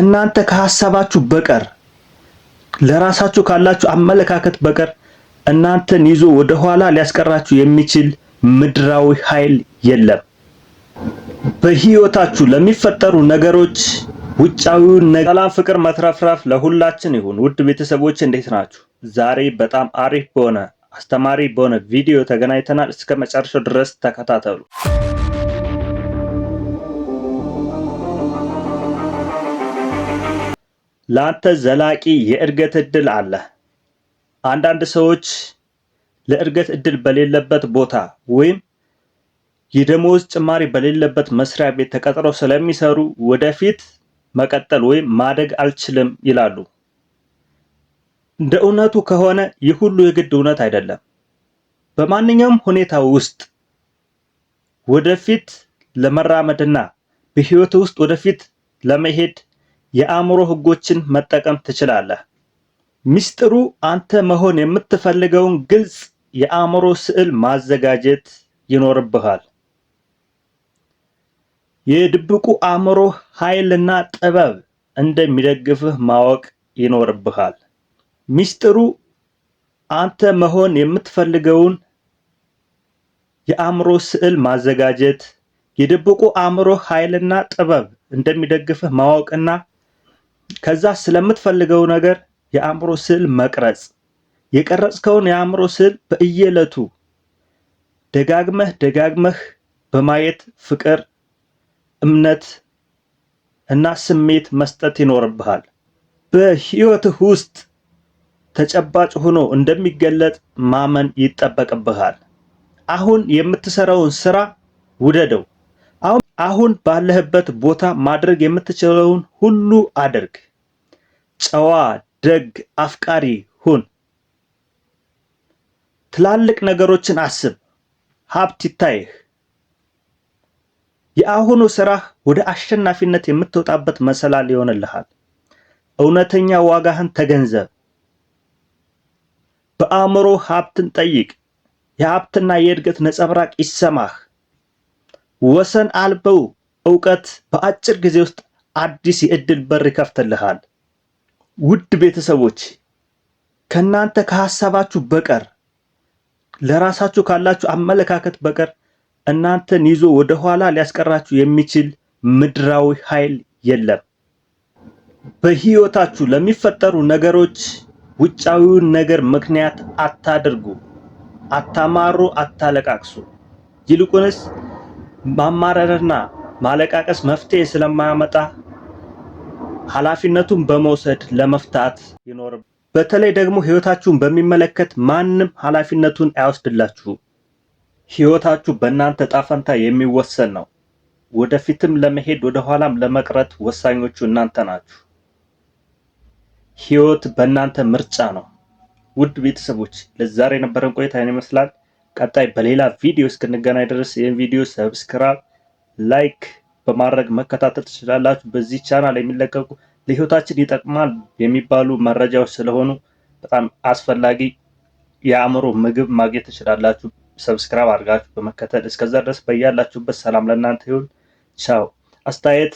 ከእናንተ ከሀሳባችሁ በቀር ለራሳችሁ ካላችሁ አመለካከት በቀር እናንተን ይዞ ወደ ኋላ ሊያስቀራችሁ የሚችል ምድራዊ ኃይል የለም። በህይወታችሁ ለሚፈጠሩ ነገሮች ውጫዊውን ነገር ሰላም፣ ፍቅር፣ መትረፍረፍ ለሁላችን ይሁን። ውድ ቤተሰቦች እንዴት ናችሁ? ዛሬ በጣም አሪፍ በሆነ አስተማሪ በሆነ ቪዲዮ ተገናኝተናል። እስከ መጨረሻው ድረስ ተከታተሉ። ለአንተ ዘላቂ የእድገት እድል አለ። አንዳንድ ሰዎች ለእድገት እድል በሌለበት ቦታ ወይም የደሞዝ ጭማሪ በሌለበት መስሪያ ቤት ተቀጥረው ስለሚሰሩ ወደፊት መቀጠል ወይም ማደግ አልችልም ይላሉ። እንደ እውነቱ ከሆነ ይህ ሁሉ የግድ እውነት አይደለም። በማንኛውም ሁኔታ ውስጥ ወደፊት ለመራመድና በህይወት ውስጥ ወደፊት ለመሄድ የአእምሮ ህጎችን መጠቀም ትችላለህ። ምስጢሩ አንተ መሆን የምትፈልገውን ግልጽ የአእምሮ ስዕል ማዘጋጀት ይኖርብሃል። የድብቁ አእምሮ ኃይልና ጥበብ እንደሚደግፍህ ማወቅ ይኖርብሃል። ምስጢሩ አንተ መሆን የምትፈልገውን የአእምሮ ስዕል ማዘጋጀት የድብቁ አእምሮ ኃይልና ጥበብ እንደሚደግፍህ ማወቅና ከዛ ስለምትፈልገው ነገር የአእምሮ ስዕል መቅረጽ የቀረጽከውን የአእምሮ ስዕል በእየዕለቱ ደጋግመህ ደጋግመህ በማየት ፍቅር፣ እምነት እና ስሜት መስጠት ይኖርብሃል። በህይወትህ ውስጥ ተጨባጭ ሆኖ እንደሚገለጥ ማመን ይጠበቅብሃል። አሁን የምትሰራውን ስራ ውደደው። አሁን አሁን ባለህበት ቦታ ማድረግ የምትችለውን ሁሉ አድርግ። ጨዋ፣ ደግ፣ አፍቃሪ ሁን። ትላልቅ ነገሮችን አስብ። ሀብት ይታይህ። የአሁኑ ስራህ ወደ አሸናፊነት የምትወጣበት መሰላል ይሆንልሃል። እውነተኛ ዋጋህን ተገንዘብ። በአእምሮ ሀብትን ጠይቅ። የሀብትና የእድገት ነጸብራቅ ይሰማህ። ወሰን አልበው እውቀት በአጭር ጊዜ ውስጥ አዲስ የእድል በር ይከፍትልሃል። ውድ ቤተሰቦች ከእናንተ ከሀሳባችሁ በቀር ለራሳችሁ ካላችሁ አመለካከት በቀር እናንተን ይዞ ወደ ኋላ ሊያስቀራችሁ የሚችል ምድራዊ ኃይል የለም። በህይወታችሁ ለሚፈጠሩ ነገሮች ውጫዊውን ነገር ምክንያት አታድርጉ። አታማሩ፣ አታለቃቅሱ። ይልቁንስ ማማረርና ማለቃቀስ መፍትሄ ስለማያመጣ ኃላፊነቱን በመውሰድ ለመፍታት ይኖር። በተለይ ደግሞ ህይወታችሁን በሚመለከት ማንም ኃላፊነቱን አያወስድላችሁ። ህይወታችሁ በእናንተ ጣፈንታ የሚወሰን ነው። ወደፊትም ለመሄድ ወደኋላም ለመቅረት ወሳኞቹ እናንተ ናችሁ። ህይወት በእናንተ ምርጫ ነው። ውድ ቤተሰቦች ለዛሬ የነበረን ቆይታ ይመስላል። ቀጣይ በሌላ ቪዲዮ እስክንገናኝ ድረስ ይህን ቪዲዮ ሰብስክራይብ፣ ላይክ በማድረግ መከታተል ትችላላችሁ። በዚህ ቻናል የሚለቀቁ ለህይወታችን ይጠቅማል የሚባሉ መረጃዎች ስለሆኑ በጣም አስፈላጊ የአእምሮ ምግብ ማግኘት ትችላላችሁ። ሰብስክራይብ አድርጋችሁ በመከተል እስከዛ ድረስ በያላችሁበት ሰላም ለእናንተ ይሁን። ቻው። አስተያየት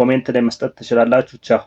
ኮሜንት ላይ መስጠት ትችላላችሁ። ቻው።